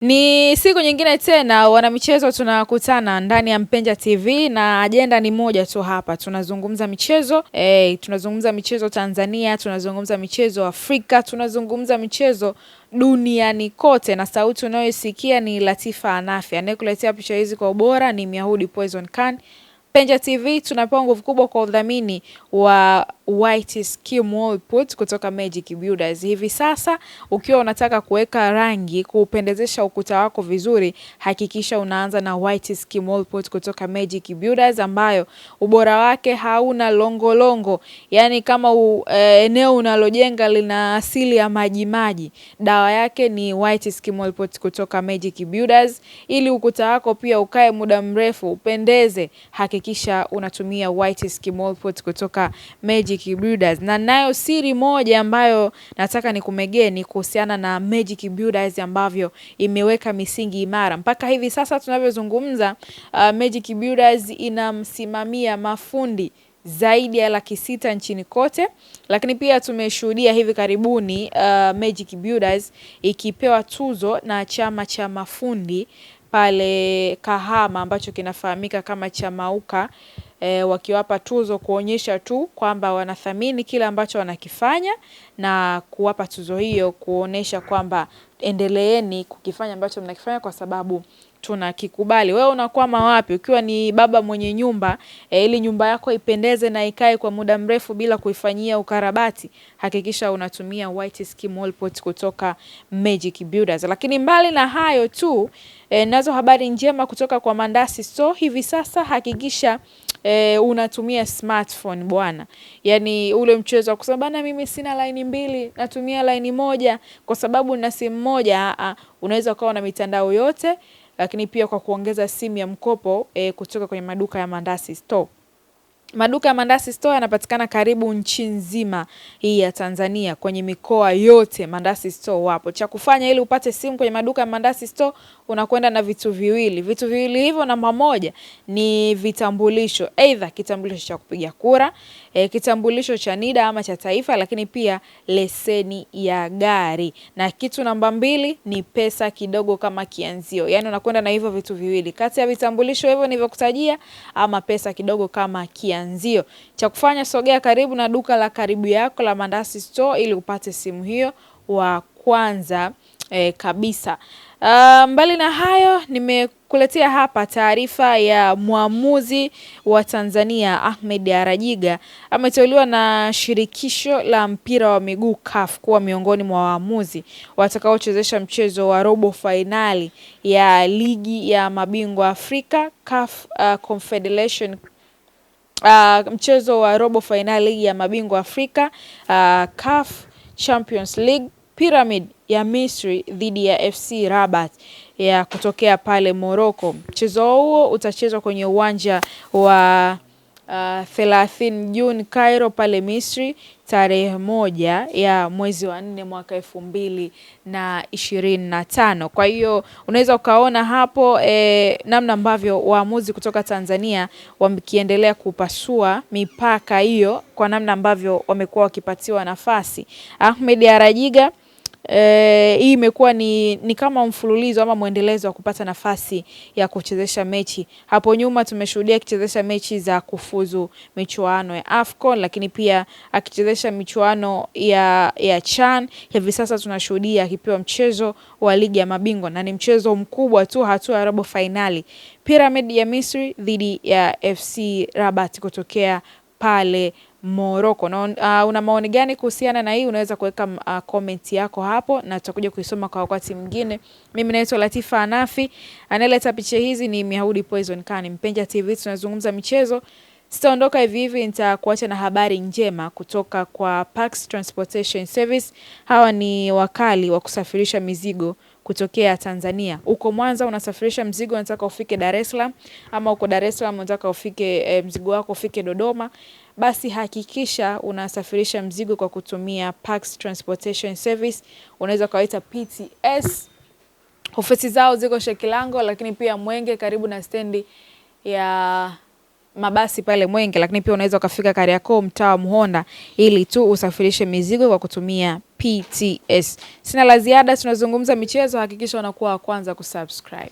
Ni siku nyingine tena wanamichezo, tunakutana ndani ya Mpenja TV na ajenda ni moja tu hapa, tunazungumza michezo hey, eh, tunazungumza michezo Tanzania, tunazungumza michezo Afrika, tunazungumza michezo duniani kote, na sauti unayoisikia ni Latifa Anafi. Anayekuletea picha hizi kwa ubora ni Myahudi Poison Can. Mpenja TV tunapewa nguvu kubwa kwa udhamini wa White Skim put kutoka Magic Builders. Hivi sasa ukiwa unataka kuweka rangi kuupendezesha ukuta wako vizuri, hakikisha unaanza na White Skim put kutoka Magic Builders ambayo ubora wake hauna longolongo -longo. Yaani kama u, e, eneo unalojenga lina asili ya maji maji, dawa yake ni White Skim put kutoka Magic Builders. Ili ukuta wako pia ukae muda mrefu upendeze, hakikisha unatumia White Skim put kutoka Magic Magic Builders, na nayo siri moja ambayo nataka ni ni kuhusiana na Magic Builders ambavyo imeweka misingi imara mpaka hivi sasa tunavyozungumza. Uh, Magic Builders inamsimamia mafundi zaidi ya laki sita nchini kote, lakini pia tumeshuhudia hivi karibuni uh, Magic Builders ikipewa tuzo na chama cha mafundi pale Kahama ambacho kinafahamika kama Chamauka e, wakiwapa tuzo kuonyesha tu kwamba wanathamini kile ambacho wanakifanya na kuwapa tuzo hiyo kuonyesha kwamba endeleeni kukifanya ambacho mnakifanya kwa sababu tunakikubali. Wewe unakwama wapi? Ukiwa ni baba mwenye nyumba e, ili nyumba yako ipendeze na ikae kwa muda mrefu bila kuifanyia ukarabati, hakikisha unatumia white skim wallpaint kutoka Magic Builders. Lakini mbali na hayo tu e, nazo habari njema kutoka kwa Mandasi Store. Hivi sasa hakikisha E, unatumia smartphone bwana, yaani ule mchezo wa kusema bana, mimi sina laini mbili, natumia laini moja kwa sababu na simu moja. Unaweza ukawa na mitandao yote lakini pia kwa kuongeza simu ya mkopo e, kutoka kwenye maduka ya Mandasi Store. Maduka ya Mandasi Store yanapatikana karibu nchi nzima hii ya Tanzania, kwenye mikoa yote Mandasi Store wapo. Cha kufanya ili upate simu kwenye maduka ya Mandasi Store, unakwenda na vitu viwili. Vitu viwili hivyo, namba moja ni vitambulisho, aidha kitambulisho cha kupiga kura e, kitambulisho cha NIDA ama cha taifa, lakini pia leseni ya gari, na kitu namba mbili ni pesa kidogo kama kianzio. Yani unakwenda na hivyo vitu viwili, kati ya vitambulisho hivyo nilivyokutajia ama pesa kidogo kama kianzio kianzio. Cha kufanya, sogea karibu na duka la karibu yako la Mandasi Store ili upate simu hiyo wa kwanza eh, kabisa. Uh, mbali na hayo nimekuletea hapa taarifa ya mwamuzi wa Tanzania Ahmed Arajiga ameteuliwa na shirikisho la mpira wa miguu CAF kuwa miongoni mwa waamuzi watakaochezesha mchezo wa robo fainali ya ligi ya mabingwa Afrika CAF uh, Confederation uh, mchezo wa robo fainali ya mabingwa Afrika uh, CAF Champions League Pyramid ya Misri dhidi ya FC Rabat ya kutokea pale Morocco. Mchezo huo utachezwa kwenye uwanja wa uh, 30 Juni Cairo pale Misri, tarehe moja ya mwezi wa nne mwaka elfu mbili na ishirini na tano. Kwa hiyo unaweza ukaona hapo e, namna ambavyo waamuzi kutoka Tanzania wakiendelea kupasua mipaka hiyo kwa namna ambavyo wamekuwa wakipatiwa nafasi. Ahmed Arajiga e, hii imekuwa ni, ni kama mfululizo ama mwendelezo wa kupata nafasi ya kuchezesha mechi. Hapo nyuma tumeshuhudia akichezesha mechi za kufuzu michuano ya AFCON, lakini pia akichezesha michuano ya, ya CHAN. Hivi sasa tunashuhudia akipewa mchezo wa ligi ya mabingwa na ni mchezo mkubwa tu, hatua ya robo fainali, Pyramid ya Misri dhidi ya FC Rabat kutokea pale Morocco. Na uh, una maoni gani kuhusiana na hii? Unaweza kuweka uh, comment yako hapo na tutakuja kuisoma kwa wakati mwingine. Mimi naitwa Latifa Anafi, anayeleta picha hizi ni Mihaudi Poison Kani. Mpenja TV tunazungumza michezo, sitaondoka hivi hivi, nitakuacha na habari njema kutoka kwa Parks Transportation Service. Hawa ni wakali wa kusafirisha mizigo kutokea Tanzania. Uko Mwanza unasafirisha mzigo unataka ufike Dar es Salaam, ama uko Dar es Salaam unataka ufike e, mzigo wako ufike Dodoma, basi hakikisha unasafirisha mzigo kwa kutumia Pax Transportation Service, unaweza ukawaita PTS. Ofisi zao ziko Shekilango, lakini pia Mwenge karibu na stendi ya mabasi pale Mwenge, lakini pia unaweza ukafika Kariakoo mtaa wa Muhonda ili tu usafirishe mizigo kwa kutumia PTS. Sina la ziada, tunazungumza michezo, hakikisha unakuwa wa kwanza kusubscribe.